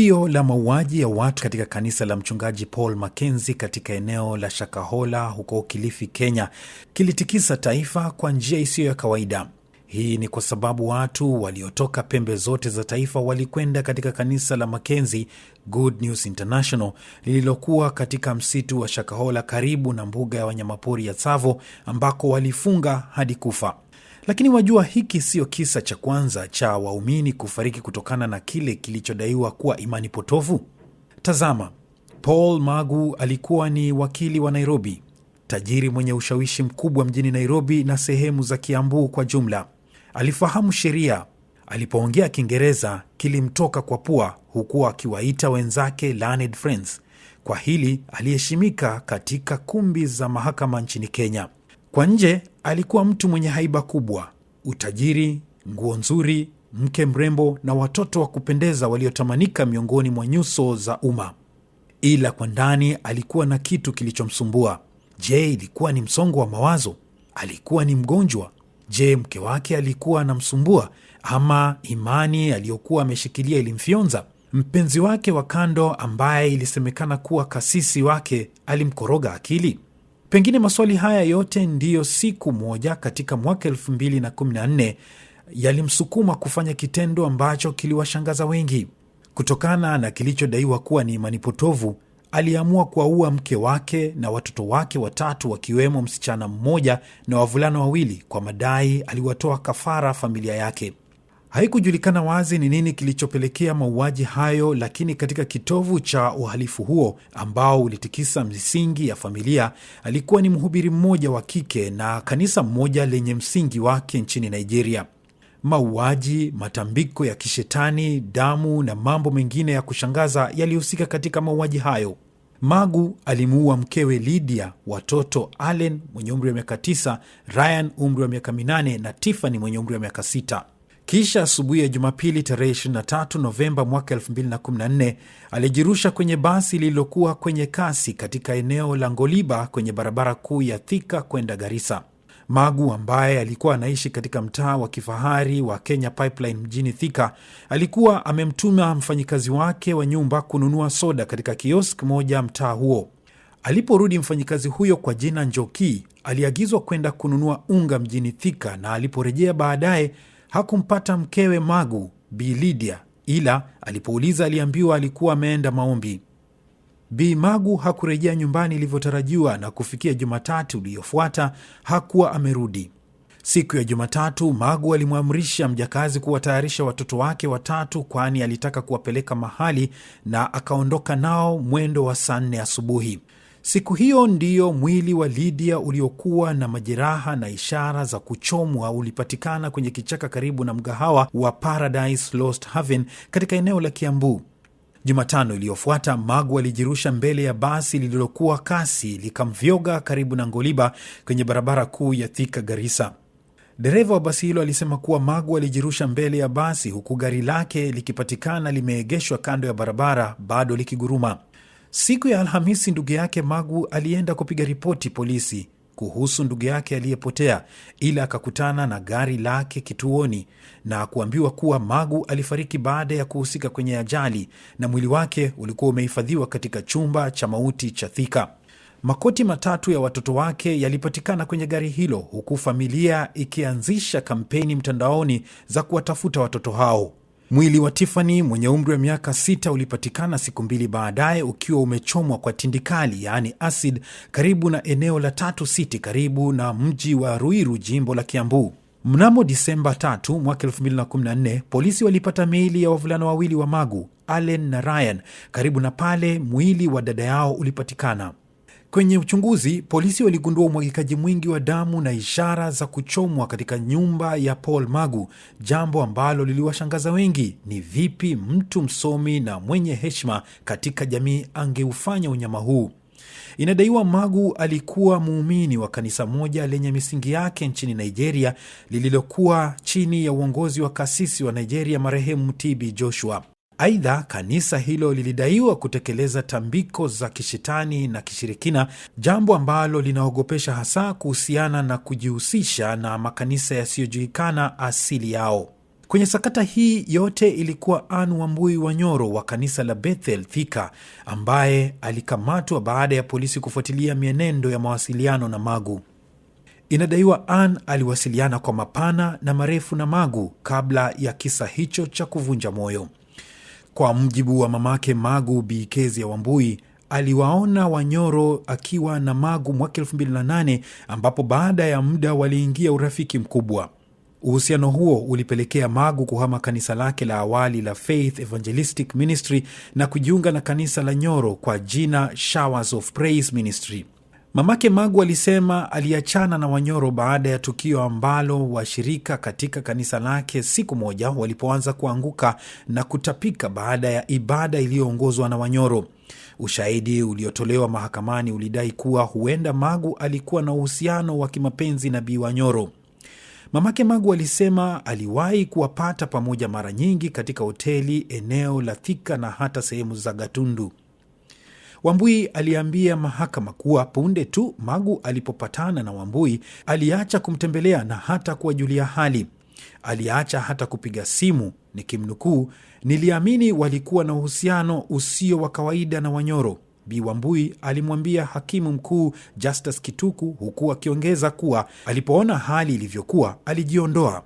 Tukio la mauaji ya watu katika kanisa la mchungaji Paul makenzi katika eneo la Shakahola huko Kilifi, Kenya, kilitikisa taifa kwa njia isiyo ya kawaida. Hii ni kwa sababu watu waliotoka pembe zote za taifa walikwenda katika kanisa la makenzi Good News International lililokuwa katika msitu wa Shakahola karibu na mbuga ya wanyamapori ya Tsavo ambako walifunga hadi kufa. Lakini wajua, hiki siyo kisa cha kwanza cha waumini kufariki kutokana na kile kilichodaiwa kuwa imani potofu. Tazama, Paul Magu alikuwa ni wakili wa Nairobi, tajiri mwenye ushawishi mkubwa mjini Nairobi na sehemu za Kiambu kwa jumla. Alifahamu sheria. Alipoongea Kiingereza kilimtoka kwa pua, huku akiwaita wenzake learned friends. Kwa hili aliheshimika katika kumbi za mahakama nchini Kenya. Kwa nje alikuwa mtu mwenye haiba kubwa, utajiri, nguo nzuri, mke mrembo na watoto wa kupendeza waliotamanika miongoni mwa nyuso za umma. Ila kwa ndani alikuwa na kitu kilichomsumbua. Je, ilikuwa ni msongo wa mawazo? Alikuwa ni mgonjwa? Je, mke wake alikuwa anamsumbua, ama imani aliyokuwa ameshikilia ilimfyonza? Mpenzi wake wa kando ambaye ilisemekana kuwa kasisi wake alimkoroga akili? Pengine maswali haya yote ndiyo siku moja katika mwaka nne yalimsukuma kufanya kitendo ambacho kiliwashangaza wengi. Kutokana na kilichodaiwa kuwa ni imani potovu, aliamua kuwaua mke wake na watoto wake watatu, wakiwemo msichana mmoja na wavulana wawili, kwa madai aliwatoa kafara familia yake. Haikujulikana wazi ni nini kilichopelekea mauaji hayo, lakini katika kitovu cha uhalifu huo ambao ulitikisa misingi ya familia alikuwa ni mhubiri mmoja wa kike na kanisa mmoja lenye msingi wake nchini Nigeria. Mauaji, matambiko ya kishetani, damu na mambo mengine ya kushangaza yalihusika katika mauaji hayo. Magu alimuua mkewe Lydia, watoto Allen mwenye umri wa miaka 9, Ryan umri wa miaka 8 na Tiffany mwenye umri wa miaka 6. Kisha asubuhi ya Jumapili tarehe 23 Novemba mwaka 2014 alijirusha kwenye basi lililokuwa kwenye kasi katika eneo la Ngoliba kwenye barabara kuu ya Thika kwenda Garisa. Magu ambaye alikuwa anaishi katika mtaa wa kifahari wa Kenya Pipeline mjini Thika alikuwa amemtuma mfanyikazi wake wa nyumba kununua soda katika kiosk moja mtaa huo. Aliporudi mfanyikazi huyo kwa jina Njoki aliagizwa kwenda kununua unga mjini Thika, na aliporejea baadaye hakumpata mkewe Magu, Bi lidia ila alipouliza aliambiwa alikuwa ameenda maombi. Bi Magu hakurejea nyumbani ilivyotarajiwa, na kufikia Jumatatu iliyofuata hakuwa amerudi. Siku ya Jumatatu, Magu alimwamrisha mjakazi kuwatayarisha watoto wake watatu, kwani alitaka kuwapeleka mahali, na akaondoka nao mwendo wa saa nne asubuhi. Siku hiyo ndiyo mwili wa lidia uliokuwa na majeraha na ishara za kuchomwa ulipatikana kwenye kichaka karibu na mgahawa wa Paradise Lost Haven katika eneo la Kiambu. Jumatano iliyofuata Magu alijirusha mbele ya basi lililokuwa kasi likamvyoga karibu na Ngoliba kwenye barabara kuu ya Thika garisa Dereva wa basi hilo alisema kuwa Magu alijirusha mbele ya basi huku gari lake likipatikana limeegeshwa kando ya barabara bado likiguruma. Siku ya Alhamisi, ndugu yake Magu alienda kupiga ripoti polisi kuhusu ndugu yake aliyepotea, ila akakutana na gari lake kituoni na kuambiwa kuwa Magu alifariki baada ya kuhusika kwenye ajali na mwili wake ulikuwa umehifadhiwa katika chumba cha mauti cha Thika. Makoti matatu ya watoto wake yalipatikana kwenye gari hilo, huku familia ikianzisha kampeni mtandaoni za kuwatafuta watoto hao. Mwili wa Tiffany mwenye umri wa miaka sita ulipatikana siku mbili baadaye ukiwa umechomwa kwa tindikali yaani acid karibu na eneo la Tatu City karibu na mji wa Ruiru, jimbo la Kiambu. Mnamo Disemba 3 mwaka 2014, polisi walipata miili ya wavulana wawili wa Magu, Allen na Ryan, karibu na pale mwili wa dada yao ulipatikana. Kwenye uchunguzi, polisi waligundua umwagikaji mwingi wa damu na ishara za kuchomwa katika nyumba ya Paul Magu, jambo ambalo liliwashangaza wengi. Ni vipi mtu msomi na mwenye heshima katika jamii angeufanya unyama huu? Inadaiwa Magu alikuwa muumini wa kanisa moja lenye misingi yake nchini Nigeria lililokuwa chini ya uongozi wa kasisi wa Nigeria marehemu TB Joshua. Aidha, kanisa hilo lilidaiwa kutekeleza tambiko za kishetani na kishirikina, jambo ambalo linaogopesha hasa kuhusiana na kujihusisha na makanisa yasiyojulikana asili yao. Kwenye sakata hii yote ilikuwa an Wambui Wanyoro wa kanisa la Bethel Thika, ambaye alikamatwa baada ya polisi kufuatilia mienendo ya mawasiliano na Magu. Inadaiwa Ann aliwasiliana kwa mapana na marefu na Magu kabla ya kisa hicho cha kuvunja moyo. Kwa mjibu wa mamake Magu Bikezi ya Wambui, aliwaona Wanyoro akiwa na Magu mwaka nane ambapo baada ya muda waliingia urafiki mkubwa. Uhusiano huo ulipelekea Magu kuhama kanisa lake la awali la Faith Evangelistic Ministry na kujiunga na kanisa la Nyoro kwa jina Showers of Praise Ministry. Mamake Magu alisema aliachana na Wanyoro baada ya tukio ambalo washirika katika kanisa lake siku moja walipoanza kuanguka na kutapika baada ya ibada iliyoongozwa na Wanyoro. Ushahidi uliotolewa mahakamani ulidai kuwa huenda Magu alikuwa na uhusiano wa kimapenzi na Bi Wanyoro. Mamake Magu alisema aliwahi kuwapata pamoja mara nyingi katika hoteli eneo la Thika na hata sehemu za Gatundu. Wambui aliambia mahakama kuwa punde tu Magu alipopatana na Wambui aliacha kumtembelea na hata kuwajulia hali. Aliacha hata kupiga simu, nikimnukuu: niliamini walikuwa na uhusiano usio wa kawaida na Wanyoro, Bi Wambui alimwambia hakimu mkuu Justus Kituku, huku akiongeza kuwa alipoona hali ilivyokuwa alijiondoa.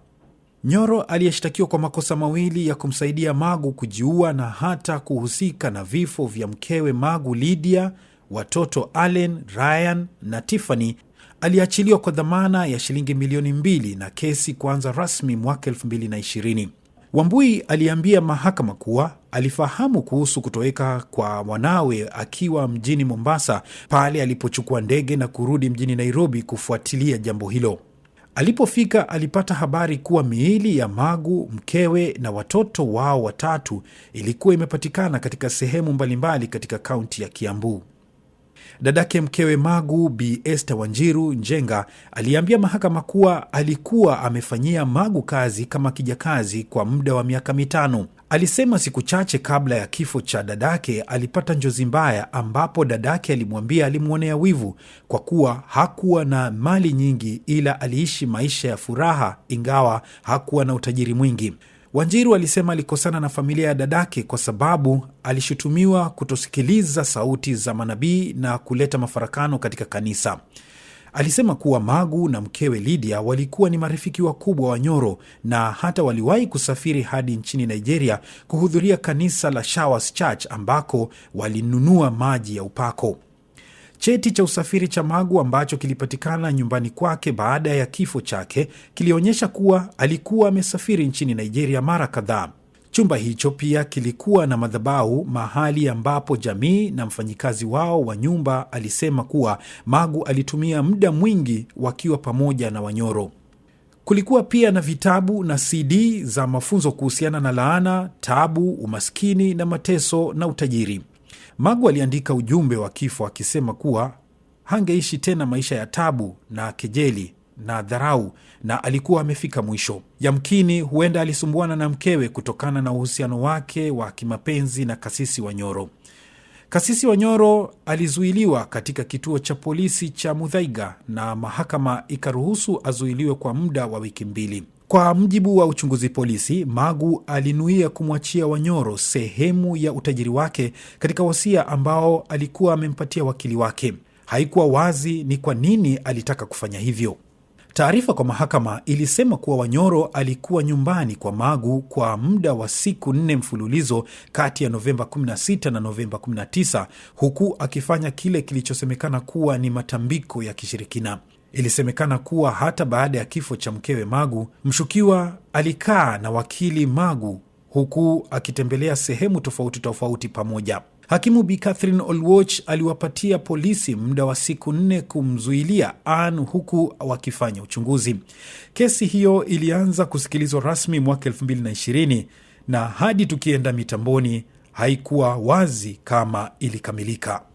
Nyoro aliyeshtakiwa kwa makosa mawili ya kumsaidia Magu kujiua na hata kuhusika na vifo vya mkewe Magu Lydia, watoto Allen, Ryan na Tiffany aliachiliwa kwa dhamana ya shilingi milioni mbili na kesi kuanza rasmi mwaka 220 Wambui aliambia mahakama kuwa alifahamu kuhusu kutoweka kwa mwanawe akiwa mjini Mombasa pale alipochukua ndege na kurudi mjini Nairobi kufuatilia jambo hilo. Alipofika alipata habari kuwa miili ya Magu, mkewe na watoto wao watatu ilikuwa imepatikana katika sehemu mbalimbali katika kaunti ya Kiambu. Dadake mkewe Magu, Bi Esther Wanjiru Njenga, aliambia mahakama kuwa alikuwa amefanyia Magu kazi kama kijakazi kwa muda wa miaka mitano Alisema siku chache kabla ya kifo cha dadake alipata njozi mbaya, ambapo dadake alimwambia alimwonea wivu kwa kuwa hakuwa na mali nyingi, ila aliishi maisha ya furaha, ingawa hakuwa na utajiri mwingi. Wanjiru alisema alikosana na familia ya dadake kwa sababu alishutumiwa kutosikiliza sauti za manabii na kuleta mafarakano katika kanisa. Alisema kuwa Magu na mkewe Lydia walikuwa ni marafiki wakubwa wa Nyoro na hata waliwahi kusafiri hadi nchini Nigeria kuhudhuria kanisa la Showers Church ambako walinunua maji ya upako. Cheti cha usafiri cha Magu ambacho kilipatikana nyumbani kwake baada ya kifo chake kilionyesha kuwa alikuwa amesafiri nchini Nigeria mara kadhaa. Chumba hicho pia kilikuwa na madhabahu, mahali ambapo jamii na mfanyikazi wao wa nyumba alisema kuwa Magu alitumia muda mwingi wakiwa pamoja na Wanyoro. Kulikuwa pia na vitabu na CD za mafunzo kuhusiana na laana, tabu, umaskini na mateso na utajiri. Magu aliandika ujumbe wa kifo akisema kuwa hangeishi tena maisha ya tabu na kejeli na dharau na alikuwa amefika mwisho. Yamkini huenda alisumbuana na mkewe kutokana na uhusiano wake wa kimapenzi na kasisi Wanyoro. Kasisi Wanyoro alizuiliwa katika kituo cha polisi cha Mudhaiga na mahakama ikaruhusu azuiliwe kwa muda wa wiki mbili. Kwa mjibu wa uchunguzi polisi, Magu alinuia kumwachia Wanyoro sehemu ya utajiri wake katika wasia ambao alikuwa amempatia wakili wake. Haikuwa wazi ni kwa nini alitaka kufanya hivyo. Taarifa kwa mahakama ilisema kuwa Wanyoro alikuwa nyumbani kwa Magu kwa muda wa siku nne mfululizo kati ya Novemba 16 na Novemba 19 huku akifanya kile kilichosemekana kuwa ni matambiko ya kishirikina. Ilisemekana kuwa hata baada ya kifo cha mkewe Magu, mshukiwa alikaa na wakili Magu huku akitembelea sehemu tofauti tofauti pamoja. Hakimu Bi Catherine Olwoch aliwapatia polisi muda wa siku nne kumzuilia Ann huku wakifanya uchunguzi. Kesi hiyo ilianza kusikilizwa rasmi mwaka 220 na hadi tukienda mitamboni haikuwa wazi kama ilikamilika.